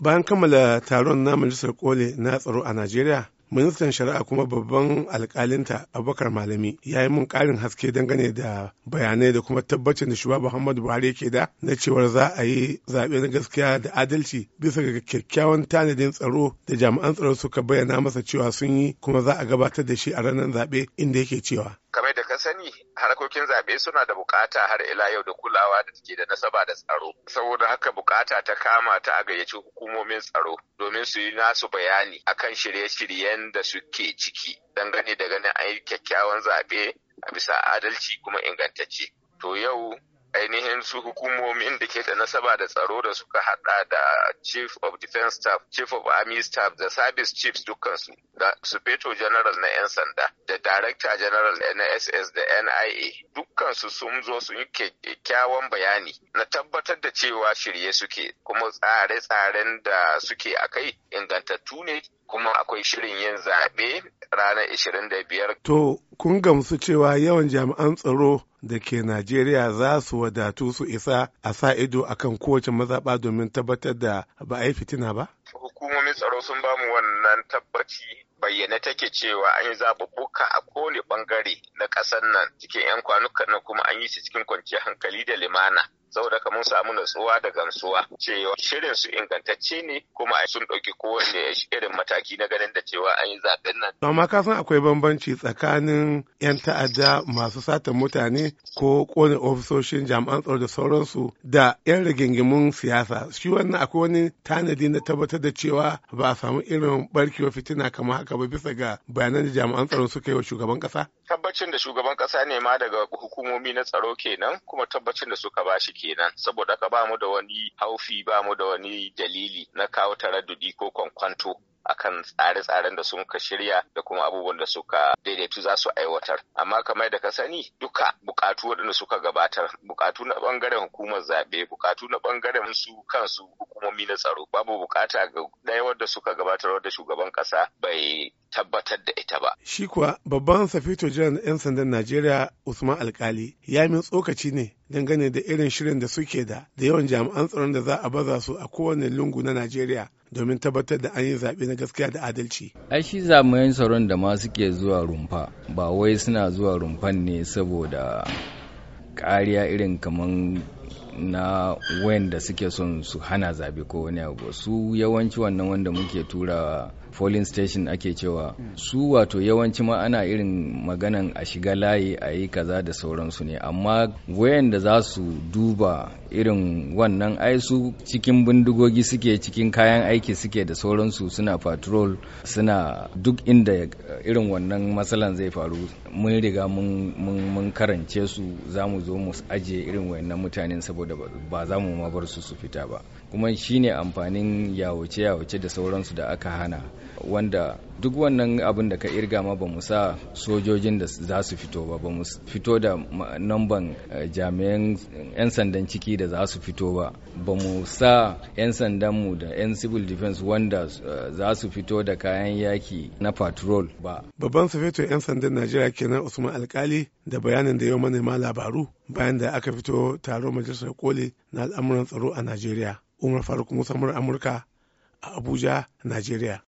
bayan kammala taron na majalisar kole na tsaro a najeriya ministan shari'a kuma babban alkalinta abubakar malami ya yi mun karin haske dangane da bayanai da kuma tabbacin da shuwa muhammadu buhari yake da na cewar za a yi zaɓe na gaskiya da adalci bisa ga kyakkyawan tanadin tsaro da jami'an tsaro suka bayyana masa cewa sun yi kuma za a gabatar da shi a ranar zaɓe inda yake cewa harkokin zaɓe suna da bukata har ila yau da kulawa da take da nasaba da tsaro saboda haka bukata ta kama ta a gayyaci hukumomin tsaro domin su yi nasu bayani akan shirye-shiryen da suke ciki dangane da ganin ayi kyakkyawan zaɓe a bisa adalci kuma ingantacce to yau ainihin su hukumomin da ke da nasaba da tsaro da suka hada da chief of defense staff chief of army staff da service chiefs dukkansu da supeto general na 'yan sanda da director general na ss da nia dukkansu sun zo sun yi kyakkyawan bayani na tabbatar da cewa shirye suke kuma tsare-tsaren da suke a kai ingantattu ne kuma akwai shirin yin zaɓe ranar 25. To, kun gamsu cewa yawan jami'an tsaro da ke Najeriya za su wadatu su isa a sa ido akan kowace mazaɓa domin tabbatar da ba a yi fitina ba? hukumomin tsaro sun bamu wannan tabbaci bayyane take cewa an yi zaɓuɓɓuka a kowane ɓangare na ƙasar nan cikin 'yan kwanuka na kuma an yi su cikin kwanciyar hankali da limana saboda mun samu natsuwa da gamsuwa cewa shirin su ingantacce ne kuma sun ɗauki kowane irin mataki na ganin da cewa an yi zaɓen nan. amma ka san akwai bambanci tsakanin 'yan ta'adda masu satan mutane ko kone ofisoshin jami'an tsaro da sauransu da 'yan rigingimun siyasa shi wannan akwai wani tanadi na tabbatar tabbatar da cewa ba a samu irin barkewar fitina kamar haka ba bisa ga bayanan da jami'an tsaro suka yi wa shugaban kasa? Tabbacin da shugaban kasa ne ma daga hukumomi na tsaro kenan kuma tabbacin da suka ba shi kenan saboda ka ba mu da wani haufi ba mu da wani dalili na kawo taraddudi ko kwankwanto. akan tsare-tsaren da sun ka shirya da kuma abubuwan da suka daidaitu za su aiwatar amma kamar da ka sani duka bukatu waɗanda suka gabatar bukatu na bangaren hukumar zaɓe bukatu na bangaren su kansu hukumomi na tsaro babu bukata ga ɗaya wadda suka gabatar wadda shugaban ƙasa bai tabbatar da ita ba. Shi kuwa babban safito jiran 'yan sandan Najeriya Usman Alkali ya min tsokaci ne dangane da irin shirin da suke da da yawan jami'an tsaron da za a baza su a kowane lungu na Najeriya domin tabbatar da an yi zaɓe na gaskiya da adalci. Ai shi zamayen tsaron da ma suke zuwa rumfa ba wai suna zuwa rumfan ne saboda kariya irin kamar na wanda suke son su hana zabe ko wani abu su yawanci wannan wanda muke tura polling station ake cewa su wato yawanci ma ana irin maganan a shiga layi a yi kaza da sauransu ne amma wayanda za su duba irin wannan ai su cikin bindigogi suke cikin kayan aiki suke da sauransu suna patrol suna duk inda irin wannan matsalan zai faru mun riga mun karance su za mu zo mu ajiye irin wannan mutanen saboda ba za mu su su fita ba kuma shine amfanin yawace yawace da sauransu da aka hana wanda duk wannan abin da ka irga ma ba mu sa sojojin da za su fito ba ba mu fito da namban eh, jami'an 'yan sandan ciki da za su fito ba ba mu sa 'yan sandanmu da 'yan civil defense wanda eh, za su fito da kayan yaki na patrol ba babban sufeto 'yan sandan najeriya kenan usman alkali da bayanin da yau manema labaru bayan da aka fito taron majalisar koli na al'amuran tsaro a najeriya umar faruk musamman amurka a abuja najeriya